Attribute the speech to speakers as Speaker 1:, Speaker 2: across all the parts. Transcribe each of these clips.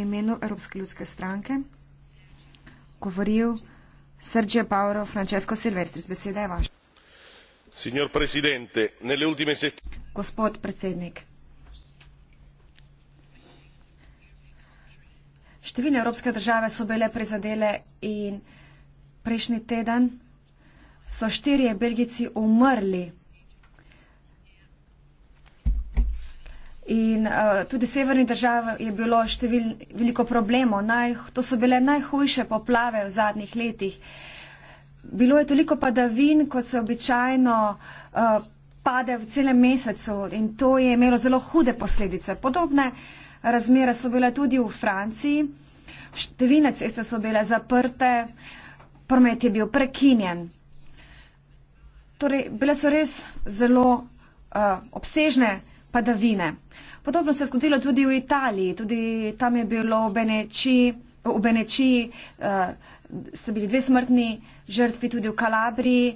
Speaker 1: imenu Evropske ljudske stranke govoril Sergio Paolo Francesco Silvestri. Beseda je vaša.
Speaker 2: Signor Presidente, nelle ultime settimane.
Speaker 1: Gospod predsednik. Številne evropske države so bile prizadele in prejšnji teden so štirje belgici umrli In uh, tudi v severni državi je bilo števil, veliko problemov. Naj, to so bile najhujše poplave v zadnjih letih. Bilo je toliko padavin, kot se običajno uh, pade v celem mesecu in to je imelo zelo hude posledice. Podobne razmere so bile tudi v Franciji. Številne ceste so bile zaprte, promet je bil prekinjen. Torej, bile so res zelo uh, obsežne padavine. Podobno se je zgodilo tudi v Italiji, tudi tam je bilo v Beneči, v Beneči uh, eh, sta bili dve smrtni žrtvi, tudi v Kalabriji,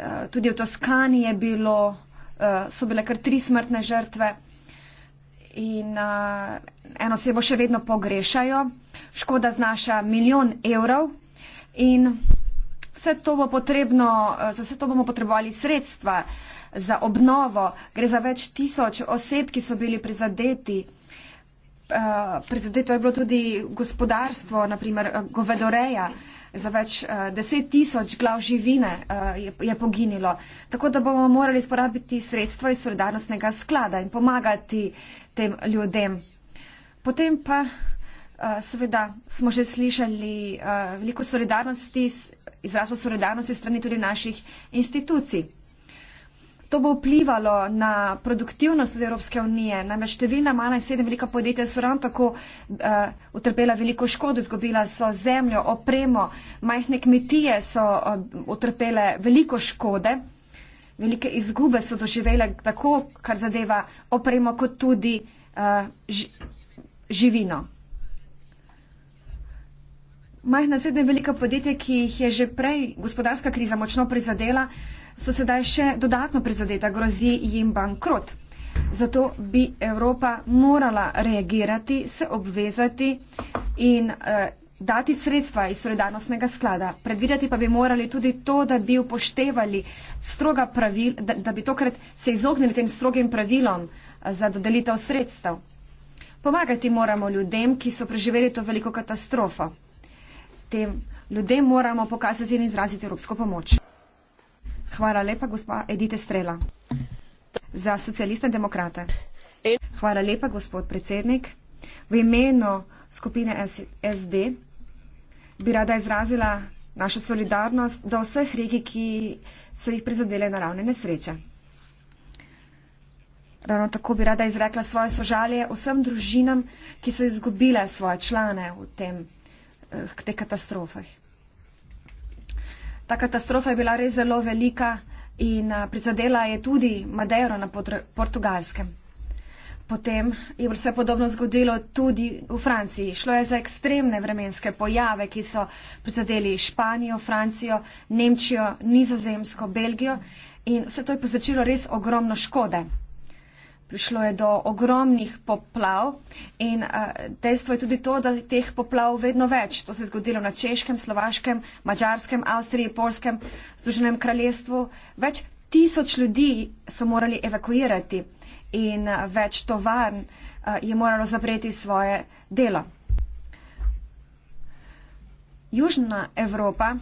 Speaker 1: uh, tudi v Toskani je bilo, uh, so bile kar tri smrtne žrtve in uh, eno sebo še vedno pogrešajo. Škoda znaša milijon evrov in vse to, bo potrebno, uh, za vse to bomo potrebovali sredstva. Uh, za obnovo, gre za več tisoč oseb, ki so bili prizadeti. Eh, prizadeto je bilo tudi gospodarstvo, naprimer eh, govedoreja, za več eh, deset tisoč glav živine je poginilo. Tako da bomo morali sporabiti sredstvo iz solidarnostnega sklada in pomagati tem ljudem. Potem pa seveda smo že slišali veliko solidarnosti, izrazov solidarnosti strani tudi naših institucij to bo vplivalo na produktivnost Evropske unije. Namreč številna mala in srednja velika podjetja so ravno tako uh, utrpela veliko škodo, izgubila so zemljo, opremo, majhne kmetije so uh, utrpele veliko škode, velike izgube so doživele tako, kar zadeva opremo, kot tudi uh, živino. Majhna in srednja velika podjetja, ki jih je že prej gospodarska kriza močno prizadela, uh, so sedaj še dodatno prizadeta, grozi jim bankrot. Zato bi Evropa morala reagirati, se obvezati in eh, dati sredstva iz solidarnostnega sklada. Predvideti pa bi morali tudi to, da bi upoštevali stroga pravil, da, da bi tokrat se izognili tem strogim pravilom eh, za dodelitev sredstev. Pomagati moramo ljudem, ki so preživeli to veliko katastrofo. Tem ljudem moramo pokazati in izraziti evropsko pomoč. Hvala lepa, gospa Edite Strela. Za socialiste in demokrate. Hvala lepa, gospod predsednik. V imenu skupine SD bi rada izrazila našo solidarnost do vseh regij, ki so jih prizadele naravne nesreče. Ravno tako bi rada izrekla svoje sožalje vsem družinam, ki so izgubile svoje člane v tem, eh, k te katastrofah. Ta katastrofa je bila res zelo velika in prizadela je tudi Madeiro na portugalskem. Potem je se podobno zgodilo tudi v Franciji. Šlo je za ekstremne vremenske pojave, ki so prizadeli Španijo, Francijo, Nemčijo, Nizozemsko, Belgijo in vse to je posečilo res ogromno škode prišlo je do ogromnih poplav in uh, dejstvo je tudi to, da je teh poplav vedno več. To se je zgodilo na Češkem, Slovaškem, Mačarskem, Avstriji, Polskem, Združenem kraljestvu. Več tisoč ljudi so morali evakuirati in uh, več tovarn uh, je moralo zapreti svoje delo. Južna Evropa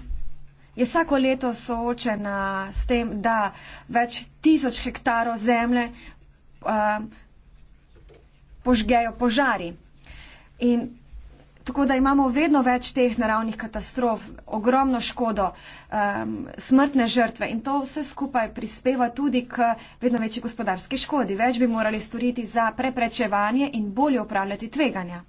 Speaker 1: je vsako leto soočena s tem, da več tisoč hektarov zemlje požgejo požari. In tako da imamo vedno več teh naravnih katastrof, ogromno škodo, um, smrtne žrtve in to vse skupaj prispeva tudi k vedno večji gospodarski škodi. Več bi morali storiti za preprečevanje in bolje upravljati tveganja.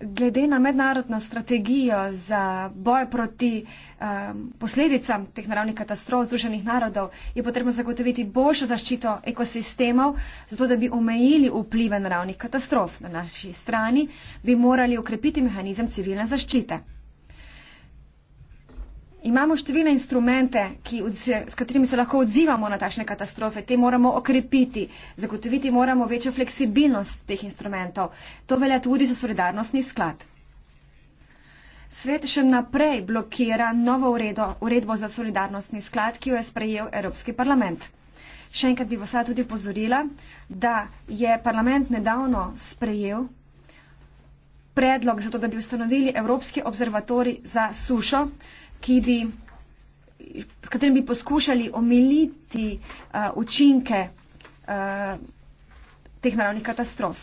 Speaker 1: Glede na mednarodno strategijo za boj proti um, posledicam teh naravnih katastrof Združenih narodov je potrebno zagotoviti boljšo zaščito ekosistemov, zato da bi omejili vplive naravnih katastrof. Na naši strani bi morali ukrepiti mehanizem civilne zaščite imamo številne instrumente, ki, s katerimi se lahko odzivamo na takšne katastrofe. Te moramo okrepiti, zagotoviti moramo večjo fleksibilnost teh instrumentov. To velja tudi za solidarnostni sklad. Svet še naprej blokira novo uredo, uredbo za solidarnostni sklad, ki jo je sprejel Evropski parlament. Še enkrat bi vas tudi pozorila, da je parlament nedavno sprejel predlog za to, da bi ustanovili Evropski observatori za sušo, ki bi, s katerim bi poskušali omiliti uh, učinke uh, teh naravnih katastrof.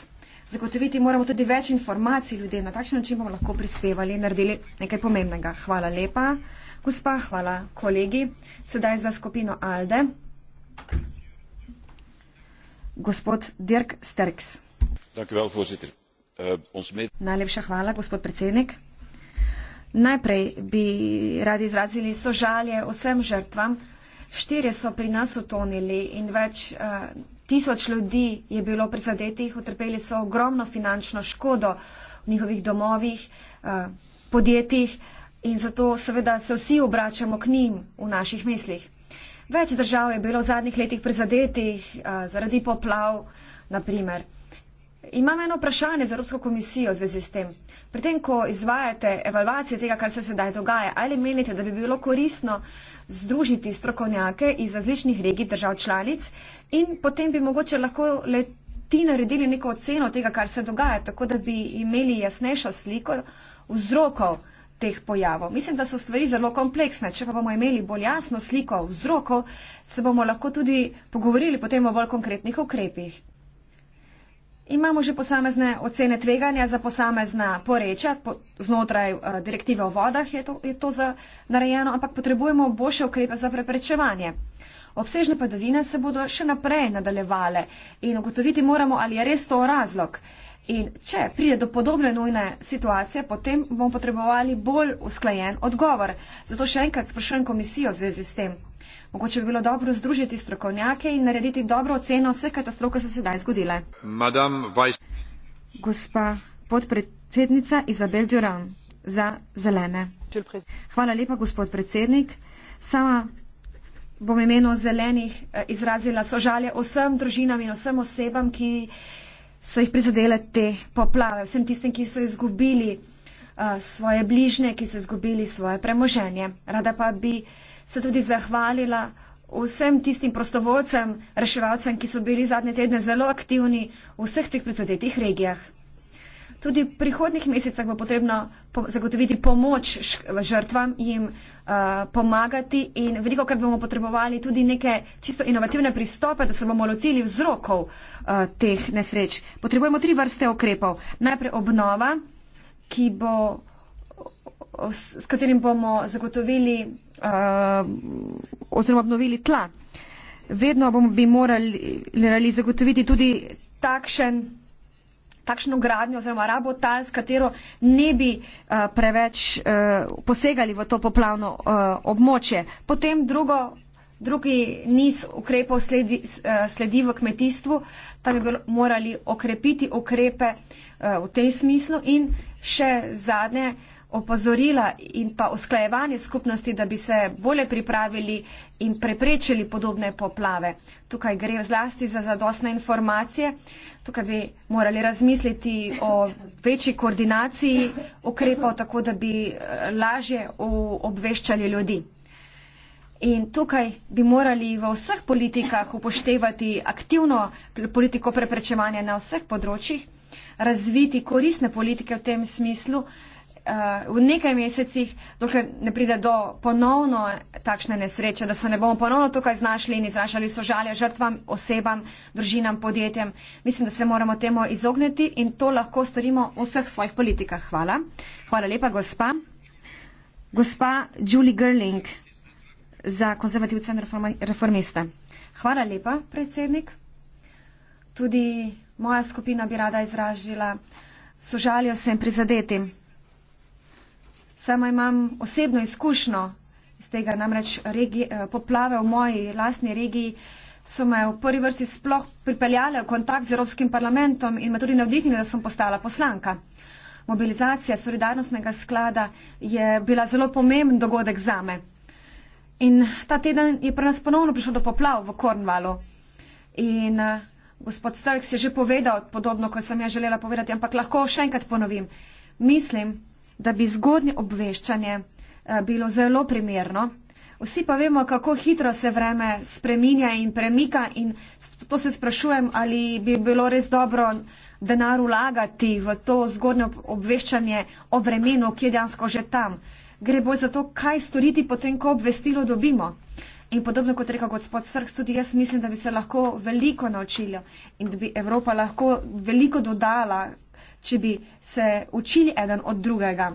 Speaker 1: Zagotoviti moramo tudi več informacij ljudem, na takšen način bomo lahko prispevali in naredili nekaj pomembnega. Hvala lepa, gospa, hvala kolegi. Sedaj za skupino Alde. Gospod Dirk Sterks. Eh, Najlepša hvala, gospod predsednik. Najprej bi radi izrazili sožalje vsem žrtvam. Štirje so pri nas utonili in več uh, tisoč ljudi je bilo prizadetih, utrpeli so ogromno finančno škodo v njihovih domovih, uh, podjetjih in zato seveda se vsi obračamo k njim v naših mislih. Več držav je bilo v zadnjih letih prizadetih uh, zaradi poplav, naprimer. Imam eno vprašanje za Evropsko komisijo v zvezi s tem. Pri tem, ko izvajate evalvacije tega, kar se sedaj dogaja, ali menite, da bi bilo korisno združiti strokovnjake iz različnih regij držav članic in potem bi mogoče lahko le ti naredili neko oceno tega, kar se dogaja, tako da bi imeli jasnejšo sliko vzrokov teh pojavov. Mislim, da so stvari zelo kompleksne. Če pa bomo imeli bolj jasno sliko vzrokov, se bomo lahko tudi pogovorili potem o bolj konkretnih ukrepih imamo že posamezne ocene tveganja za posamezna poreča, po, znotraj uh, direktive o vodah je to, je to za, narejeno, ampak potrebujemo boljše ukrepe za preprečevanje. Obsežne padavine se bodo še naprej nadaljevale in ugotoviti moramo, ali je res to razlog. In če pride do podobne nujne situacije, potem bomo potrebovali bolj usklajen odgovor. Zato še enkrat sprašujem komisijo v zvezi s tem. Mogoče bi bilo dobro združiti strokovnjake in narediti dobro oceno vse katastrofe, ki so se sedaj zgodile. Weiss... Gospa podpredsednica Izabel Duran za zelene. Hvala lepa, gospod predsednik. Sama bom imeno zelenih eh, izrazila sožalje vsem družinam in vsem osebam, ki so jih prizadele te poplave, vsem tistim, ki so izgubili uh, svoje bližnje, ki so izgubili svoje premoženje. Rada pa bi uh, se tudi zahvalila vsem tistim prostovoljcem, reševalcem, ki so bili zadnje tedne zelo aktivni v vseh teh prizadetih regijah. Tudi v prihodnih mesecah bo potrebno zagotoviti pomoč žrtvam, jim uh, pomagati in veliko, kar bomo potrebovali, tudi neke čisto inovativne pristope, da se bomo lotili vzrokov uh, teh nesreč. Potrebujemo tri vrste okrepov. Najprej obnova, ki bo s katerim bomo zagotovili uh, oziroma obnovili tla. Vedno bomo bi morali zagotoviti tudi takšen, takšno gradnjo oziroma rabo tal, s katero ne bi uh, preveč uh, posegali v to poplavno uh, območje. Potem drugo, drugi niz ukrepov sledi, uh, sledi v kmetijstvu, tam bi morali okrepiti ukrepe uh, v tem smislu in še zadnje opozorila in pa usklajevanje skupnosti, da bi se bolje pripravili in preprečili podobne poplave. Tukaj gre zlasti za zadostne informacije. Tukaj bi morali razmisliti o večji koordinaciji ukrepov, tako da bi eh, lažje obveščali ljudi. In tukaj bi morali v vseh politikah upoštevati aktivno politiko preprečevanja na vseh področjih, razviti koristne politike v tem smislu, uh, v nekaj mesecih, dokler ne pride do ponovno takšne nesreče, da se ne bomo ponovno tukaj znašli in izražali sožalje žrtvam, osebam, družinam, podjetjem. Mislim, da se moramo temu izogniti in to lahko storimo v vseh svojih politikah. Hvala. Hvala lepa, gospa. Gospa Julie Gerling za konzervativce in reformiste. Hvala lepa, predsednik. Tudi moja skupina bi rada izražila sožalje vsem prizadetim. Sama imam osebno izkušnjo iz tega, namreč regi, eh, poplave v moji lastni regiji so me v prvi vrsti sploh pripeljale v kontakt z Evropskim parlamentom in me tudi navdihnile, da sem postala poslanka. Mobilizacija solidarnostnega sklada je bila zelo pomemben dogodek zame. In ta teden je pri nas ponovno prišlo do poplav v Kornvalu. In uh, gospod Strks je že povedal podobno, kot sem jaz želela povedati, ampak lahko še enkrat ponovim. Mislim, da bi zgodnje obveščanje eh, bilo zelo primerno. Vsi pa vemo, kako hitro se vreme spreminja in premika in to se sprašujem, ali bi bilo res dobro denar ulagati v to zgodnje obveščanje o vremenu, ki je dejansko že tam. Gre bolj za to, kaj storiti potem, ko obvestilo dobimo. In podobno kot reka gospod Srk, tudi jaz mislim, da bi se lahko veliko naučili in da bi Evropa lahko veliko dodala če bi se učili eden od drugega.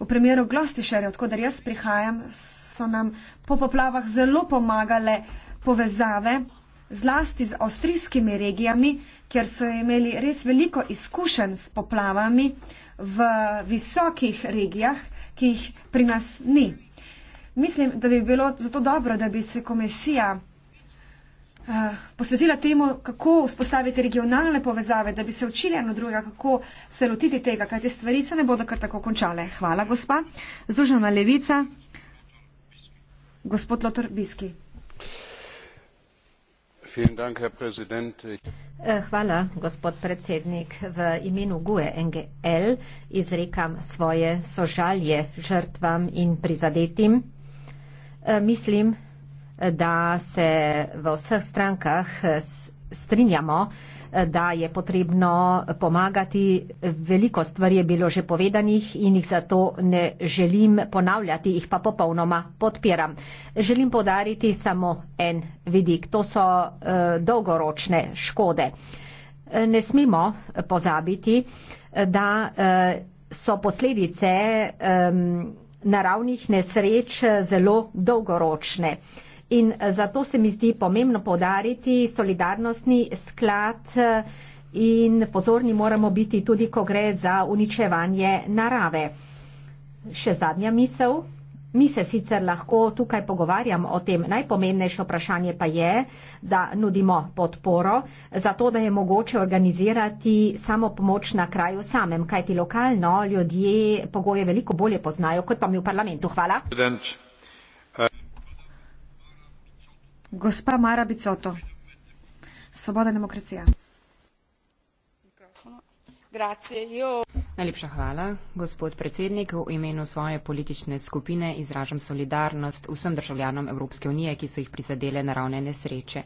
Speaker 1: V primeru Glostišerja, odkud jaz prihajam, so nam po poplavah zelo pomagale povezave, zlasti z avstrijskimi regijami, kjer so imeli res veliko izkušenj s poplavami v visokih regijah, ki jih pri nas ni. Mislim, da bi bilo zato dobro, da bi se komisija Eh, posvetila temu, kako vzpostaviti regionalne povezave, da bi se učili eno drugega, kako se lotiti tega, kaj te stvari se ne bodo kar tako končale. Hvala, gospa. Združena levica,
Speaker 3: gospod Lotor Biski. Eh, hvala, gospod predsednik. V imenu GUE NGL izrekam svoje sožalje žrtvam in prizadetim. Eh, mislim, da se v vseh strankah eh, strinjamo, eh, da je potrebno pomagati. Veliko stvari je bilo že povedanih in jih zato ne želim ponavljati, jih pa popolnoma podpiram. Želim podariti samo en vidik. To so uh, dolgoročne škode. Ne smemo pozabiti, da uh, so posledice um, naravnih nesreč zelo dolgoročne. Uh, In eh, zato se mi zdi pomembno povdariti solidarnostni sklad eh, in pozorni moramo biti tudi, ko gre za uničevanje narave. Še zadnja misel. Mi se sicer lahko tukaj pogovarjamo o tem. Najpomembnejše vprašanje pa je, da nudimo podporo za to, da je mogoče organizirati samo pomoč na kraju samem, kajti lokalno ljudje pogoje veliko bolje poznajo kot pa mi v parlamentu. Hvala. President. Gospa Mara Bicoto,
Speaker 1: Svoboda demokracija.
Speaker 2: Najlepša hvala, gospod predsednik. V imenu svoje politične skupine izražam solidarnost vsem državljanom Evropske unije, ki so jih prizadele naravne nesreče.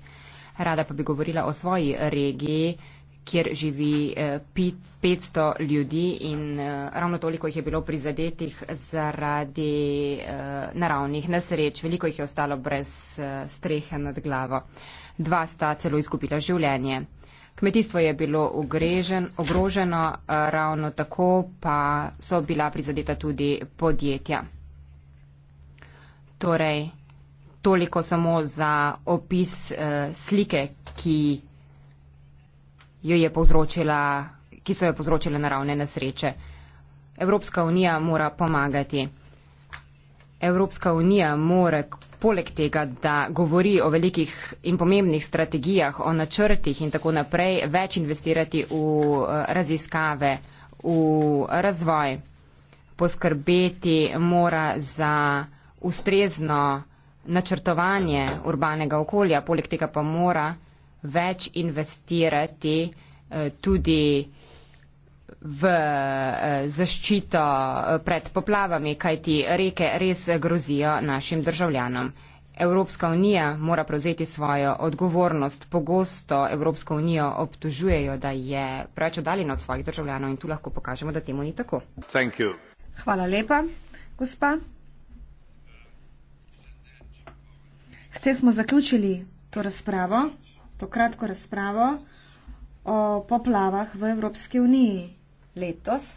Speaker 2: Rada pa bi govorila o svoji regiji, kjer živi 500 eh, ljudi in eh, ravno toliko jih je bilo prizadetih zaradi eh, naravnih nesreč. Veliko jih je ostalo brez strehe nad glavo. Dva sta celo izgubila življenje. Kmetijstvo je bilo ugrežen, ogroženo, ravno tako pa so bila prizadeta tudi podjetja. Torej, toliko samo za opis eh, slike, ki jo je povzročila, ki so jo povzročile naravne nesreče. Evropska unija mora pomagati. Evropska unija mora, poleg tega, da govori o velikih in pomembnih strategijah, o načrtih in tako naprej, več investirati v eh, raziskave, v razvoj. Poskrbeti mora za ustrezno načrtovanje urbanega okolja, poleg tega pa mora več investirati eh, tudi v eh, zaščito eh, pred poplavami, kajti reke res grozijo našim državljanom. Evropska unija mora prevzeti svojo odgovornost. Pogosto Evropsko unijo obtožujejo, da je preveč oddaljena od svojih državljanov in tu lahko pokažemo, da temu ni tako. Hvala lepa, gospa.
Speaker 1: S tem smo zaključili to razpravo to kratko razpravo o poplavah v Evropski uniji letos.